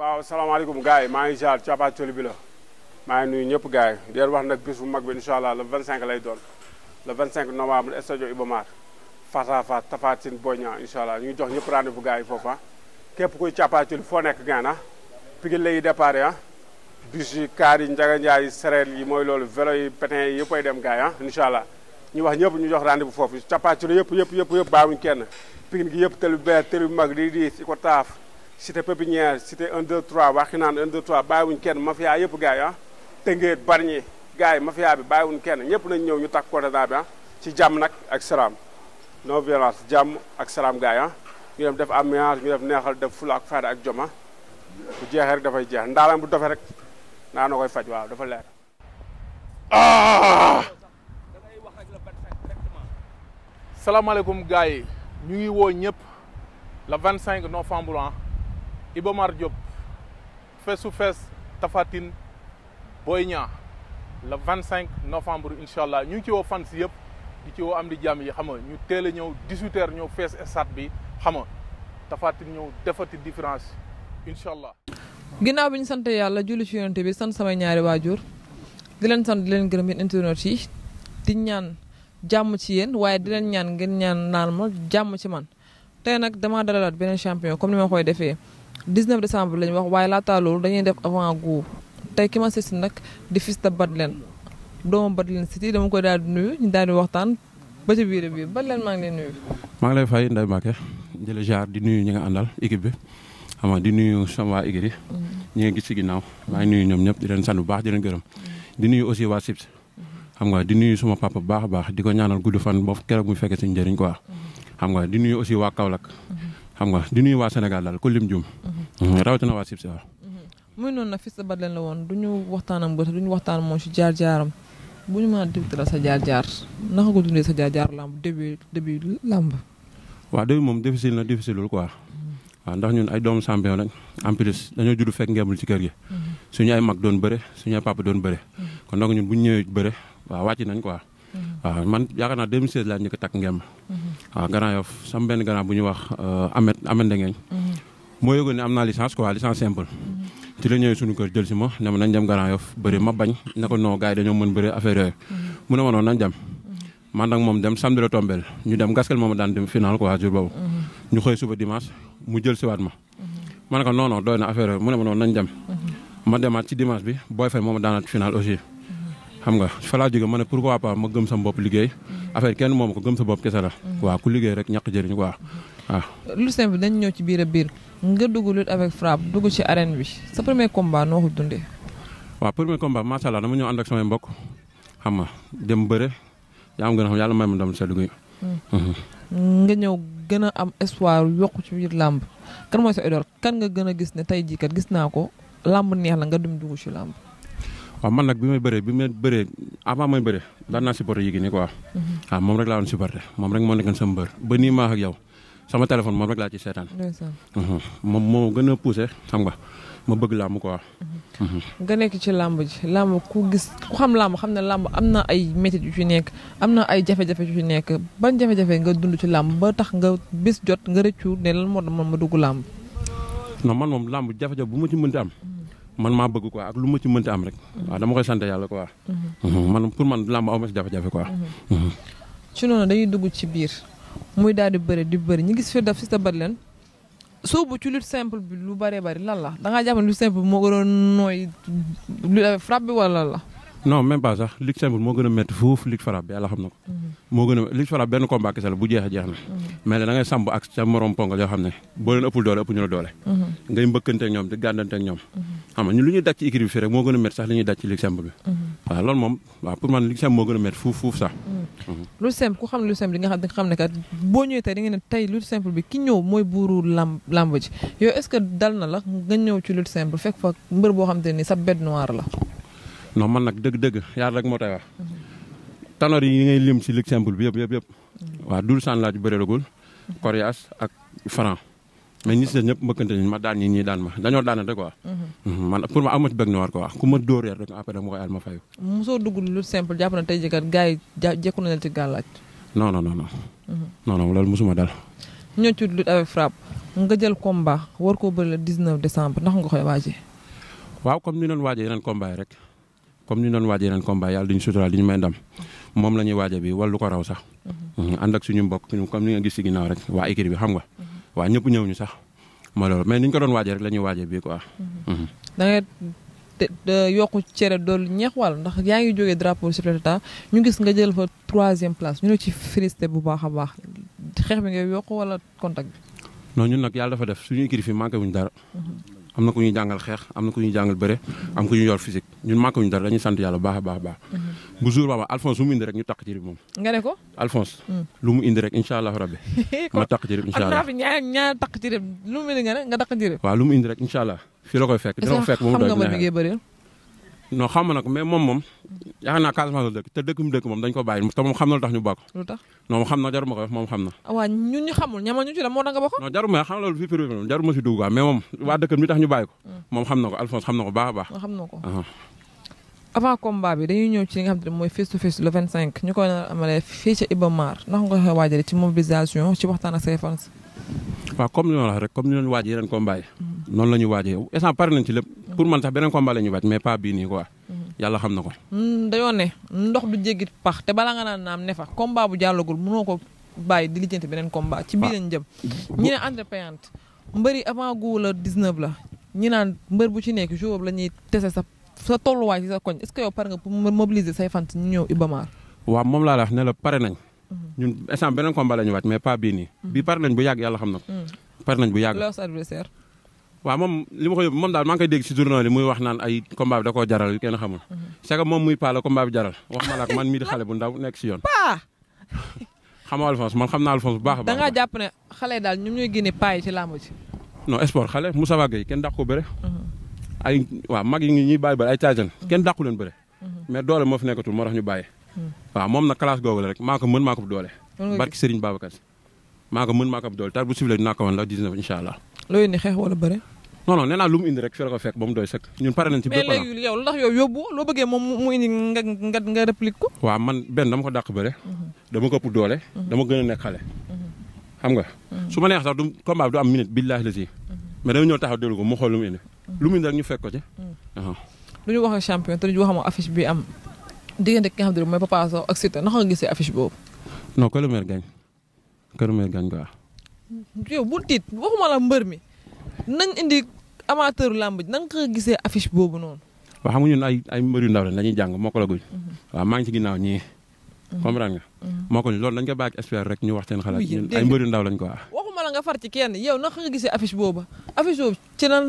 waaw salaamaaleykum gars yi maa ngi jaar cappaatuli bi la maa ngi nuyu ñëpp gars yi di wax nag bis bu mag bi incha allah le 25 lay doon le 25 novembre stade Iba Mar face à face Tapha Tine Boy Niang incha allah ñu jox ñëpp rendez-vous gars yi foofu ah képp kuy cappaatuli foo nekk gaana ah Pikine lay déparé ah bus yi kaar yi njaga njaay yi sereer yi mooy loolu vélo yi pétin yi yëpp ay dem gars yi ah incha ñu wax ñëpp ñu jox rendez-vous foofu cappaatuli yëpp yëpp yëpp yëpp bàyyiwuñ kenn yëpp tëlu beer tëlu mag di diis i ko taaf cité pépinière cité 1 2 3 waxi naan 1 2 3 bàyyiwuñ kenn mafia yëpp gars yi ah tëngeet barñi gars yi mafia bi bàyyiwuñ kenn ñëpp nañ ñëw ñu takk corona bi ah ci jàmm nag ak salaam non violence jàmm ak salaam gars yi ah. ñu dem def ambiance ñu def neexal def fula ak fayda ak joma ah. bu jeexee rek dafay jeex ndaalaan bu dofe rek naa na koy faj waaw dafa leer ah! salaamaaleykum gars yi ñu ngi woo ñëpp le 25 novembre Iba Mar Diop feesu fees Tafatine Boy ñaa le vingt cinq novembre incha allah ñu ci woo fan si yëpp di ci woo am di jàmm yi xam nga ñu teel a ñëw dix-huit ñëw fees stade bi xam nga Tafatine ñëw defati différence incha allah. ginnaaw bi ñu sante yàlla julli ci yonent bi sant samay ñaari waajur di leen san di leen gërëm yéen internet yi di ñaan jàmm ci yéen waaye di leen ñaan ngeen ñaan naan ma jàmm ci man tey nag damaa dalalaat beneen champion comme ni ma koy defee. 19 décembre lañ wax waaye laataa loolu dañuy def avant goût tey ki ma seet si nag di fils de Badlen doomu Badlen City dama koy daal di nuyu ñu daal di waxtaan ba ci biir bi Badlen maa ngi lay maa ngi lay fay Ndeye Mbacke jële jaar di nuyu ñi nga àndal équipe bi xam nga di nuyu sama waa équipe mm-hmm. ñi nga ginnaaw maa ngi nuyu ñoom di leen sant bu baax di gërëm mm-hmm. di nuyu aussi waa SIPS. Mm-hmm. xam nga di nuyu sama papa baax a baax di ko ñaanal gudd fan boobu keroog muy fekkee suñu njëriñ quoi xam nga di nuyu aussi waa Kaolack. xam nga di nuyu waa Sénégal daal ku lim juum. Mhm. Mhm, rawatina waa Sib si waaw. Mhm. muy noonu nag Fils de la woon du ñu waxtaan ak mbër du ñu waxtaan moom si jaar jaaram bu ñu mën sa jaar jaar naka ko dundee sa jaar jaar làmb début début làmb. waaw début moom difficile na difficile quoi. waaw ndax ñun ay doomu champion lañ en plus dañoo judd fekk ngeemul ci kër gi. suñu ay mag doon bëre suñu ay papa doon bëre. kon donc ñun bu ñu ñëwee bëre waaw wàcc nañ quoi. waaw man yaakaar naa 2016 laa njëkk a takk ngeem. waaw ah, Grand Yoff sama benn grand bu ñu wax euh, Amet Amet Ndengeñ. Mhm. moo yëgoon ne am naa licence quoi licence simple. Mhm. ci la ñëwee suñu kër jël si ma ne ma nañ dem Grand Yoff bëri ma bañ ne ko non gars yi dañoo mën bëri affaire yooyu. Mhm. mu ne ma noonu nañ dem. man nag moom dem samedi la tombeel ñu dem gaskel moom daan dem final quoi jour boobu. ñu xëy suba dimanche mu jël si ma. ma ne ko non non doy na affaire yooyu mu ne ma noonu nañ dem. demaat ci dimanche bi booy fay moom daanaat final aussi. xam nga fa laa jóge ma ne pourquoi pas ma gëm sa bopp liggéey mm-hmm. affaire kenn moom ko gëm sa bopp kese la. waaw mm-hmm. ku liggéey rek ñàkk jëriñ quoi waaw. lu simple dañ ñëw ci biir a biir nga dugg lutte avec frappe dugg ci arène bi sa premier combat noo ko dundee. waaw premier combat macha allah dama ñëw ànd ak samay mbokk xam nga dem bëre yaa am gën a xam yàlla may ma dam sa guy. Mm-hmm. nga ñëw gën a am espoir yokk ci biir làmb kan mooy sa idole kan nga gën a gis ne tey jii kat gis naa ko la nga dem dugg ci làmb. waaw man nag bi may bëree bi may bëree avant may bëree daan naa supporter yi gi nii quoi. Mhm. waaw moom rek laa doon supporter moom rek moo nekkoon sama mbër ba nii maa yow sama téléphone moom rek laa ci seetaan. Mhm. moom moo gën a poussé xam nga ma bëgg làmb ko mhm. nga nekk ci làmb ji làmb ku gis ku xam làmb xam ne làmb am na ay métit yu ci nekk am na ay jafe-jafe yu ci nekk ban jafe-jafe nga dund ci làmb ba tax nga bis jot nga rëccu ne lan moo doon ma dugg làmb. non man moom làmb jafe-jafe bu ma ci mënti am. man maa bëgg quoi ak lu ma ci mënti am rek. waaw dama koy sant yàlla quoi. Mhm. Mhm. man pour man làmb aw ma si jafe-jafe quoi. Mhm. ci noonu dañuy dugg ci biir muy daal di bëri di bëri ñu gis daf si tabat leen soobu ci lutte bi lu bëree bëri lan la da ngaa jàpp ne lutte simple moo gënoon nooy lu frappe la. non même pas sax Ligue simple moo gën a métti foofu Ligue Fara bi yàlla xam na ko. Mhm. moo gën a Ligue Fara benn combat kese la bu jeex a jeex na. Mhm. mais nag da ngay samb ak sa morom pongal yoo xam ne boo leen ëppul doole ëpp ñu la doole. Mhm. ngay mbëkkante ak ñoom di gàndante ak ñoom. xam nga ñun lu ñuy daj ci équipe bi fii rek moo gën a métti sax li ñuy daj ci Ligue simple bi. waaw loolu moom waaw pour man Ligue simple moo gën a métti foofu foofu sax. lu simple ku xam lu simple di nga xam di nga xam ne kat boo ñëwee tey di nga ne tey lu simple bi ki ñëw mooy buuru lamb lamb ji yow est-ce que dal na la nga ñëw ci lu simple fekk fa mbër boo xam te ni sa bête noire la non man nag dëgg-dëgg yàlla rek moo tay wax tanor yi ngay lim si lig simple bi yëpp yëpp yëpp waaw dul saan laaj bëreelagul coriace ak franc mais ñi si des ñëpp mbëkkante nañ ma daan ñi ñii daan ma dañoo daanante quoi. Mhm. man pour ma am ma ci bëgg na war ko wax ku ma dóoree rek après dama koy al ma fayu. mosoo dugg lu simple jàpp na tey jii kat gars yi ja jékku nañu la ci gàllaaj. non non non non. Mhm. non dal. ñoo ci lutte avec frappe nga jël combat war koo bëri le 19 décembre ni ñu doon waajee yeneen comme ni doon waaj yeneen combat yàlla duñu suturaal ñu may ndam moom la ñuy waaja bi wala lu ko raw sax mhm. mm, ànd ak mbokk comme ni nga gis si ginnaaw rek waa équipe bi xam nga mhm. waa ñëpp ñu sax ma loolu mais niñ ko doon waajee rek la ñuy waajee bii quoi mhm. da nga yokku cere ñeex wàll ndax yaa ngi jógee drapeau chef de l'État ñu gis nga jël fa troisième place ñu ne ci félicité bu baax a baax xeex bi nga yokk wala contact bi non ñun nag yàlla dafa def suñu équipe fi manqué wuñu dara am na ku ñuy jàngal xeex am na ku ñuy jàngal bëre am ku ñuy yor physique ñun màkkuñu dara dañuy sant yàlla baax a baax baax mhm. bu jour baba Alphonse lu mu ñu takk ci rib moom nga ne ko Alphonse mm. lu mu indi rek incha allah rabbi ma takk ci rib incha allah fi ñaar ñaar takk ci rib lu mu indi nga nga takk ci rib waaw lu mu indi rek incha la koy fekk dina ko fekk moom doy non xam ma nag moom moom yaakaar naa Casamance la dëkk te dëkk mu dëkk moom dañ ko bàyyi moom xam na da ah, nga bokk non jaruma xam na loolu fii privé moom jaruma si dugg quoi tax ñu bàyyi mm. moom xam na ko Alphonse xam na ko baax a baax ah, xam na ko bi dañuy ñëw ci nga xam ne mooy face to face le 25 ñu koy amalee fii ci Iba Mar ndax nga koy waajale ci mobilisation ci waxtaan ak say fans waaw comme ni la wax rek comme ni ñu waaj mm. noonu la ñuy waajee instant pare nañ ci lépp pour man sax beneen combat la ñu waaj mais pas bii nii quoi. Mhm. yàlla xam na ko. Mm, dañoo ndox du jéggi pax te bala nga naan naam ne fa bu jàllagul mënoo ko bàyyi di lijjanti beneen ah. la 19 la bu ci nekk jour la ñuy tese sa sa tolluwaay ci sa koñ est-ce que yow pare nga pour mobiliser say fant ñu ñëw Ibamar. waaw moom laa la wax mhm. beneen combat ñu waaj mais pas bii nii. bii mhm. pare nañ bu yàgg yàlla xam na ko. pare nañ bu yàgg. waaw moom li ma ko yóbbu moom daal maa ngi koy dégg si journal yi muy wax naan ay combat bi da koo jaral yu kenn xamul. Mhm. c'est moom muy paa la combat bi jaral wax ma la ak man mii di bu ndaw nekk si yoon. paa. xamoo Alphonse man xam naa Alphonse bu baax a baax. xale daal ñoom ñooy génne paa yi ci làmb ji. non sport xale Moussa kenn dàq ko bëre. Mhm. ay waaw mag yi ñuy bàyyi bëri ay mhm. kenn dàqu leen bëre. mais doole nekkatul moo ñu bàyyi. waaw moom nag classe googu la rek maa ko mën maa ko doole. barki Serigne Babacar maa ko mën maa ko doole tar bu sibilee dinaa ko wan la 19 incha allah. looy indi xeex wala bëre. non non nee mu indi rek fi la ko fekk ba mu doy sëkk ñun pare nañ ci bépp mais léegi yow lu tax yow yóbbu loo bëggee moom mu indi nga nga nga réplique ko. waaw man benn dama ko dàq bëre. Mhm. dama ko ëpp doole. Mhm. dama gën a nekk xale. Mhm. xam nga. su ma neex sax du combat bi du am minute billahi la si. mais dama lu lu mu ñu fekk ko ci. lu ñu wax ak champion te ñu wax ma bi am diggante ki nga xam ne mooy Papa Sow ak Siteu naka nga gisee affiche boobu. non que le meilleur gagne que le meilleur gagne quoi. yow bu tiit mi nañ indi amateur làmb ji nga ko gisee affiche boobu noonu. waa xam nga ñun ay ay mbër yu ndaw lañ dañuy jàng moo ko la guñ. Mhm. waaw maa ngi ci ginnaaw ñii. Mhm. comprendre nga. Mhm. moo ko loolu dañ ko bàyyi expert rek ñu wax seen xalaat ñun ay mbër yu ndaw lañ ko wax. waxuma la nga far ci kenn yow naka nga gisee affiche boobu affiche boobu ci lan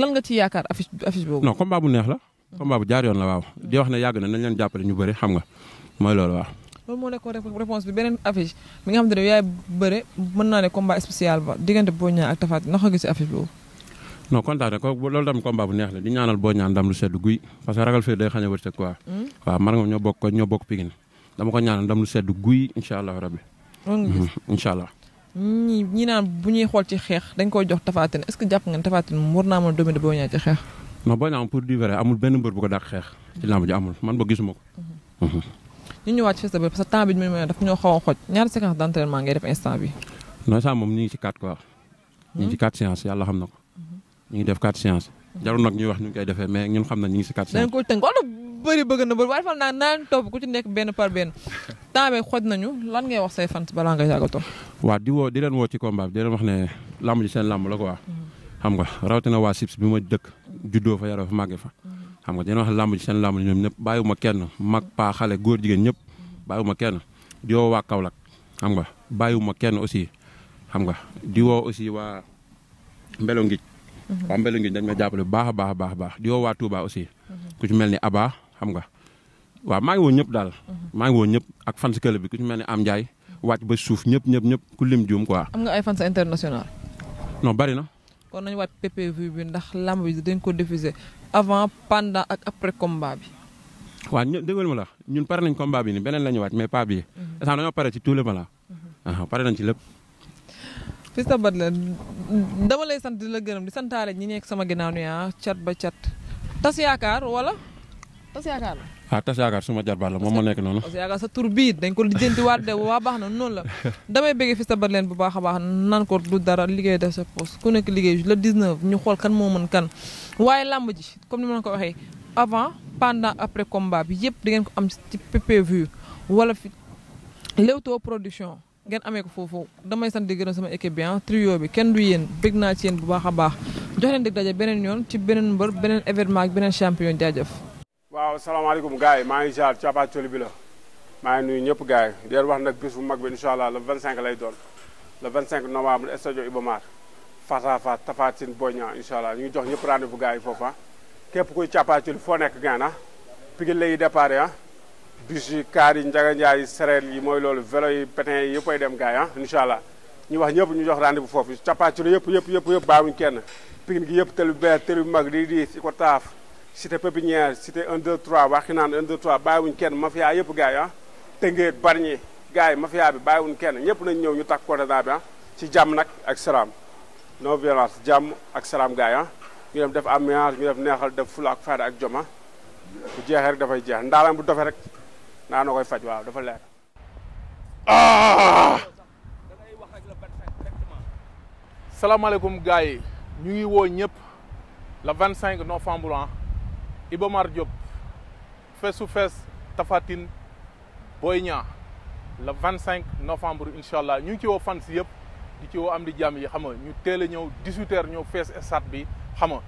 lan nga ci yaakaar affiche affiche boobu. non combat bu neex la. combat bu jaar yoon la waaw. di wax na yàgg na nañ leen jàppale ñu bëri xam nga mooy loolu waaw. loolu moo nekkoon réponse bi beneen affiche bi nga xam ne yaay bëre mën naa ne combat spécial ba diggante Boy Niang ak Tapha Tine naka gis affiche boobu. ko loolu bu neex la di ñaanal Boy Niang ndam lu sedd a wërsëg quoi. Hmm? man nga ko ñoo bokk Pikine dama ko ñaanal ndam lu sedd guy incha hmm, allah rabbi. gis incha bu ñuy xool ci xeex dañ koy jox Tapha Tine est-ce a dominer Boy Niang ci bu ko dàq xeex ci lamb ji ko hmm. ñu ñëwaat ci Fils de Balla parce que temps bi ñu mën a daf ñoo xaw a xoj ñaari séquence d' entraînement ngay def instant bi non ça moom ñu ñu ngi ci yàlla xam na ko. ñu def quatre séances. jarul nag ñuy wax ñu ngi koy defee mais xam na ñu ngi si quatre séances. dañ ko tënk na bëri waaye fan naa naan topp ku ci nekk benn par benn temps bi xoj lan ngay wax say fan balaa ngay yàggatoo. waa di woo di leen woo ci combat bi di leen wax ne lamb ji seen lamb la quoi. xam nga rawatina waa Sips bi ma dëkk juddoo fa yaroo fa màggee xam nga dina wax làmb ji seen làmb ji ñoom ñëpp ma kenn mag paa xale góor jigéen ñëpp bàyyiwuma kenn di woo waa Kaolack xam nga wu ma kenn aussi xam nga di woo aussi waa Mbelo Ngij mhm. waa Mbelo dañ ma jàppale bu baax a baax baax baax di woo waa Touba aussi mhm. mel ni Aba xam nga waaw maa ngi woo ñëpp daal mhm. maa ngi woo ñëpp ak fans club bi ku ci mel ni Am Ndiaye wàcc ba suuf ñëpp ñëpp ñëpp ku lim juum ko am nga ay fans international. non bari na. kon nañu waaj PPV bi ndax lamb bi dañ ko diffuser avant pendant ak après combat bi. waa ñu déglu ma la ñun pare nañ combat bi ni beneen la ñu waaj mais pas bi mhm. sax dañoo pare ci tout le balaa. Ah, pare nañ ci lépp. Fils de Batley dama lay sant la gërëm di santaale ñi nekk sama ginnaaw nii ah cat ba cat tas yaakaar wala tas yaakaar ah tas yaakaar suma jarbaat la moom ma nekk noonu. tas yaakaar sa tur bii dañ ko lijjanti waat de waa baax na noonu la damay bëgg fi sa leen bu baax a baax nan ko du dara liggéey def sa poste ku nekk liggéey le 19 ñu xool kan moo mën kan waaye làmb ji comme ni ma ko waxee avant pendant après combat bi yëpp di ngeen ko am ci wala fi Leewtoo production ngeen amee ko foofu damay sant di gërëm sama équipe bi ah, trio bi kenn du yéen bëgg naa ci yéen bu baax a baax jox leen di daje beneen yoon ci beneen mbër beneen événement ak beneen champion jaajëf. waaw salaamaaleykum gars yi maa ngi jaar cappaacoli bi la maa ngi nuyu ñëpp gars yi leen wax nag bis bu mag bi incha allah vingt cinq lay doon le 25 novembre stade Iba Mar face à face Tapha Tine Boy Niang incha allah ñu jox ñëpp rendez-vous gars yi foofu ah képp kuy foo nekk gaan ah pigil lay déparé ah bus yi kaar yi njaga njaay yi sereer yi mooy loolu vélo yi pétin yi yëpp ay dem gars yi ah incha allah ñu wax ñëpp ñu jox rendez-vous foofu cappaacoli yëpp yëpp yëpp yëpp bàyyiwuñ kenn yëpp tëlu beer mag di di i ko taaf cité pépinière cité 1 2 3 Waxinaan 1 2 3 bàyyiwuñ kenn mafia yëpp gars yi ah Tëngéej Bargny gars yi mafia bi bàyyiwuñ kenn ñëpp nañ ñëw ñu takk cordonnade bi ah ci jàmm nag ak salaam non violence jàmm ak salaam gars yi ah ñu dem def ambiance ñu def neexal def fula ak fayda ak joma ah. bu jeexee rek dafay jeex ndaalaan bu dofee rek naa na koy faj waaw dafa leer ah! salaamaaleykum gars yi ñu ngi woo ñëpp le 25 novembre ah. Iba Mar Diop feesu fees tafaatin Boy Niang le vingt cinq novembre incha allah ñu ngi ci woo fans yëpp di ci woo am di jàmm yi xam nga ñu teel a ñëw dix ñëw fees stade bi xam nga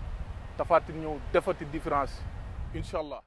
Tafatine ñëw defati différence incha allah.